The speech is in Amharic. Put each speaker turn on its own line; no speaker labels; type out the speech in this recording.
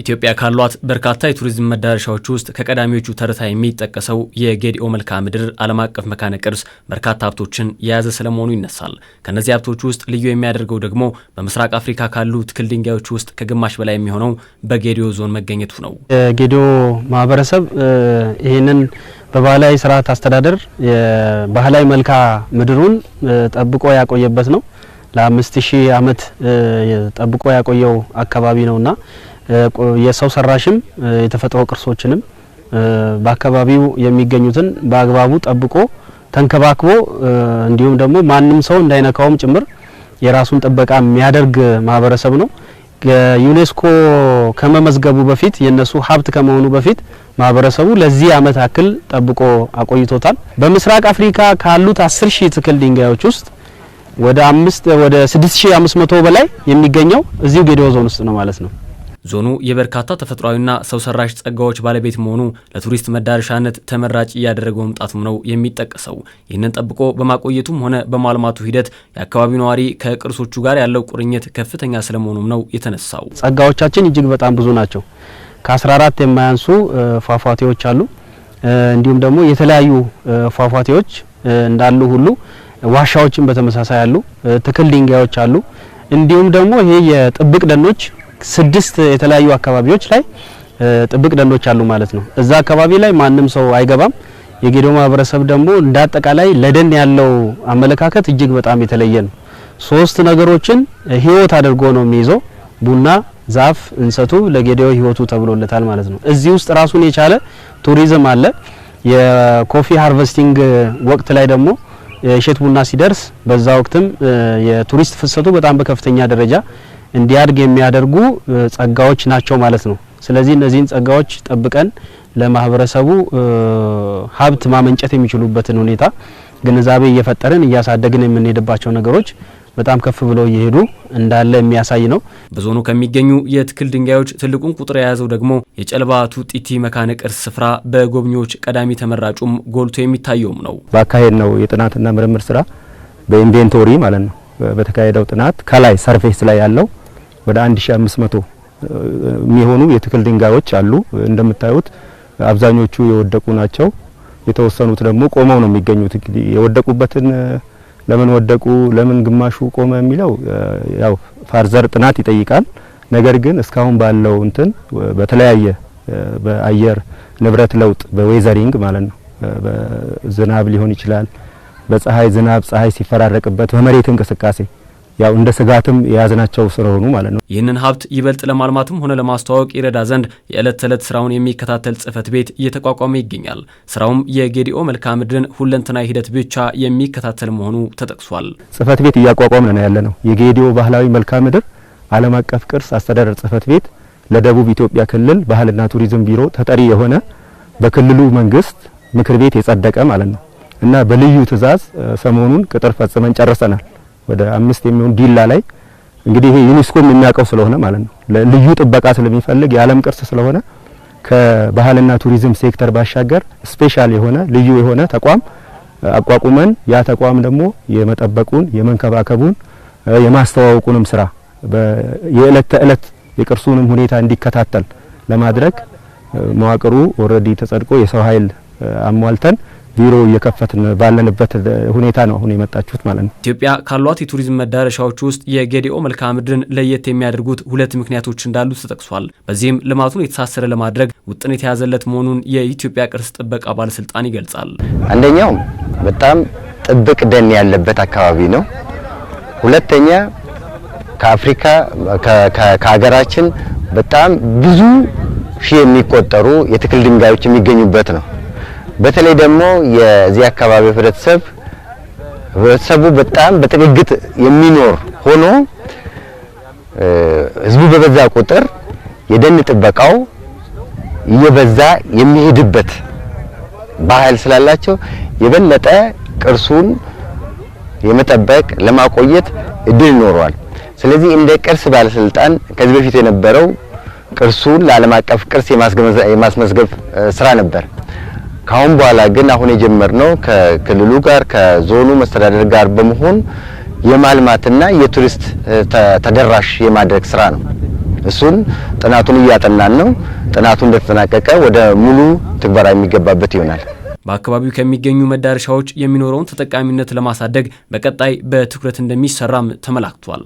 ኢትዮጵያ ካሏት በርካታ የቱሪዝም መዳረሻዎች ውስጥ ከቀዳሚዎቹ ተርታ የሚጠቀሰው የጌዲኦ መልክዓ ምድር ዓለም አቀፍ መካነ ቅርስ በርካታ ሀብቶችን የያዘ ስለመሆኑ ይነሳል። ከእነዚህ ሀብቶች ውስጥ ልዩ የሚያደርገው ደግሞ በምስራቅ አፍሪካ ካሉ ትክል ድንጋዮች ውስጥ ከግማሽ በላይ የሚሆነው በጌዲኦ ዞን መገኘቱ ነው።
የጌዲኦ ማህበረሰብ ይህንን በባህላዊ ስርዓት አስተዳደር የባህላዊ መልክዓ ምድሩን ጠብቆ ያቆየበት ነው። ለአምስት ሺህ ዓመት ጠብቆ ያቆየው አካባቢ ነውና የሰው ሰራሽም የተፈጥሮ ቅርሶችንም በአካባቢው የሚገኙትን በአግባቡ ጠብቆ ተንከባክቦ እንዲሁም ደግሞ ማንም ሰው እንዳይነካውም ጭምር የራሱን ጥበቃ የሚያደርግ ማህበረሰብ ነው። ዩኔስኮ ከመመዝገቡ በፊት የነሱ ሀብት ከመሆኑ በፊት ማህበረሰቡ ለዚህ አመት አክል ጠብቆ አቆይቶታል። በምስራቅ አፍሪካ ካሉት 10 ሺህ ትክል ድንጋዮች ውስጥ ወደ 5 ወደ 6500 በላይ የሚገኘው እዚሁ ጌዴኦ ዞን ውስጥ ነው ማለት ነው።
ዞኑ የበርካታ ተፈጥሯዊና ሰው ሰራሽ ጸጋዎች ባለቤት መሆኑ ለቱሪስት መዳረሻነት ተመራጭ እያደረገ መምጣቱም ነው የሚጠቀሰው። ይህንን ጠብቆ በማቆየቱም ሆነ በማልማቱ ሂደት የአካባቢው ነዋሪ ከቅርሶቹ ጋር ያለው ቁርኝት ከፍተኛ ስለመሆኑም ነው የተነሳው።
ጸጋዎቻችን እጅግ በጣም ብዙ ናቸው። ከ14 የማያንሱ ፏፏቴዎች አሉ። እንዲሁም ደግሞ የተለያዩ ፏፏቴዎች እንዳሉ ሁሉ ዋሻዎችን በተመሳሳይ አሉ። ትክል ድንጋዮች አሉ። እንዲሁም ደግሞ ይሄ የጥብቅ ደኖች ስድስት የተለያዩ አካባቢዎች ላይ ጥብቅ ደንዶች አሉ ማለት ነው። እዛ አካባቢ ላይ ማንም ሰው አይገባም። የጌዶ ማህበረሰብ ደግሞ እንዳጠቃላይ ለደን ያለው አመለካከት እጅግ በጣም የተለየ ነው። ሶስት ነገሮችን ህይወት አድርጎ ነው የሚይዘው። ቡና፣ ዛፍ፣ እንሰቱ ለጌዴኦ ህይወቱ ተብሎለታል ማለት ነው። እዚህ ውስጥ ራሱን የቻለ ቱሪዝም አለ። የኮፊ ሃርቨስቲንግ ወቅት ላይ ደግሞ የእሸት ቡና ሲደርስ በዛ ወቅትም የቱሪስት ፍሰቱ በጣም በከፍተኛ ደረጃ እንዲያድግ የሚያደርጉ ጸጋዎች ናቸው ማለት ነው። ስለዚህ እነዚህን ጸጋዎች ጠብቀን ለማህበረሰቡ ሀብት ማመንጨት የሚችሉበትን ሁኔታ ግንዛቤ እየፈጠርን እያሳደግን የምንሄድባቸው ነገሮች በጣም ከፍ ብለው እየሄዱ እንዳለ የሚያሳይ ነው።
በዞኑ ከሚገኙ የትክል ድንጋዮች ትልቁን ቁጥር የያዘው ደግሞ የጨልባ ቱጢቲ መካነ ቅርስ ስፍራ በጎብኚዎች ቀዳሚ ተመራጩም ጎልቶ የሚታየውም ነው።
በአካሄድ ነው የጥናትና ምርምር ስራ በኢንቬንቶሪ ማለት ነው በተካሄደው ጥናት ከላይ ሰርፌስ ላይ ያለው ወደ 1500 የሚሆኑ የትክል ድንጋዮች አሉ። እንደምታዩት አብዛኞቹ የወደቁ ናቸው። የተወሰኑት ደግሞ ቆመው ነው የሚገኙት። የወደቁበትን ለምን ወደቁ፣ ለምን ግማሹ ቆመ የሚለው ያው ፋርዘር ጥናት ይጠይቃል። ነገር ግን እስካሁን ባለው እንትን በተለያየ በአየር ንብረት ለውጥ በዌዘሪንግ ማለት ነው በዝናብ ሊሆን ይችላል፣ በፀሐይ ዝናብ ፀሐይ ሲፈራረቅበት፣ በመሬት እንቅስቃሴ ያው እንደ ስጋትም የያዝናቸው ስለሆኑ ማለት ነው።
ይህንን ሀብት ይበልጥ ለማልማትም ሆነ ለማስተዋወቅ ይረዳ ዘንድ የዕለት ተዕለት ስራውን የሚከታተል ጽህፈት ቤት እየተቋቋመ ይገኛል። ስራውም የጌዲኦ መልክዓ ምድርን ሁለንተናዊ ሂደት ብቻ የሚከታተል መሆኑ ተጠቅሷል።
ጽህፈት ቤት እያቋቋምን ነው ያለ ነው። የጌዲኦ ባህላዊ መልክዓ ምድር ዓለም አቀፍ ቅርስ አስተዳደር ጽህፈት ቤት ለደቡብ ኢትዮጵያ ክልል ባህልና ቱሪዝም ቢሮ ተጠሪ የሆነ በክልሉ መንግስት ምክር ቤት የጸደቀ ማለት ነው እና በልዩ ትዕዛዝ ሰሞኑን ቅጥር ፈጽመን ጨርሰናል። ወደ አምስት የሚሆን ዲላ ላይ እንግዲህ ይሄ ዩኔስኮም የሚያውቀው ስለሆነ ማለት ነው ለልዩ ጥበቃ ስለሚፈልግ የዓለም ቅርስ ስለሆነ ከባህልና ቱሪዝም ሴክተር ባሻገር ስፔሻል የሆነ ልዩ የሆነ ተቋም አቋቁመን ያ ተቋም ደግሞ የመጠበቁን፣ የመንከባከቡን፣ የማስተዋወቁንም ስራ የእለት ተእለት የቅርሱንም ሁኔታ እንዲከታተል ለማድረግ መዋቅሩ ኦልሬዲ ተጸድቆ የሰው ኃይል አሟልተን ቢሮ እየከፈትን ባለንበት ሁኔታ ነው አሁን የመጣችሁት ማለት ነው።
ኢትዮጵያ ካሏት የቱሪዝም መዳረሻዎች ውስጥ የጌዲኦ መልክዓ ምድርን ለየት የሚያደርጉት ሁለት ምክንያቶች እንዳሉት ተጠቅሷል። በዚህም ልማቱን የተሳሰረ ለማድረግ ውጥን የተያዘለት መሆኑን የኢትዮጵያ ቅርስ ጥበቃ ባለስልጣን ይገልጻል።
አንደኛው በጣም ጥብቅ ደን ያለበት አካባቢ ነው። ሁለተኛ ከአፍሪካ ከሀገራችን በጣም ብዙ ሺህ የሚቆጠሩ የትክል ድንጋዮች የሚገኙበት ነው። በተለይ ደግሞ የዚህ አካባቢ ህብረተሰብ ህብረተሰቡ በጣም በጥግግት የሚኖር ሆኖ ህዝቡ በበዛ ቁጥር የደን ጥበቃው እየበዛ የሚሄድበት ባህል ስላላቸው የበለጠ ቅርሱን የመጠበቅ ለማቆየት እድል ይኖረዋል። ስለዚህ እንደ ቅርስ ባለስልጣን ከዚህ በፊት የነበረው ቅርሱን ለዓለም አቀፍ ቅርስ የማስመዝገብ ስራ ነበር። ካሁን በኋላ ግን አሁን የጀመርነው ከክልሉ ጋር ከዞኑ መስተዳደር ጋር በመሆን የማልማትና የቱሪስት ተደራሽ የማድረግ ስራ ነው። እሱን ጥናቱን እያጠናን ነው። ጥናቱ እንደተጠናቀቀ ወደ ሙሉ ትግበራ የሚገባበት ይሆናል።
በአካባቢው ከሚገኙ መዳረሻዎች የሚኖረውን ተጠቃሚነት ለማሳደግ በቀጣይ በትኩረት እንደሚሰራም ተመላክቷል።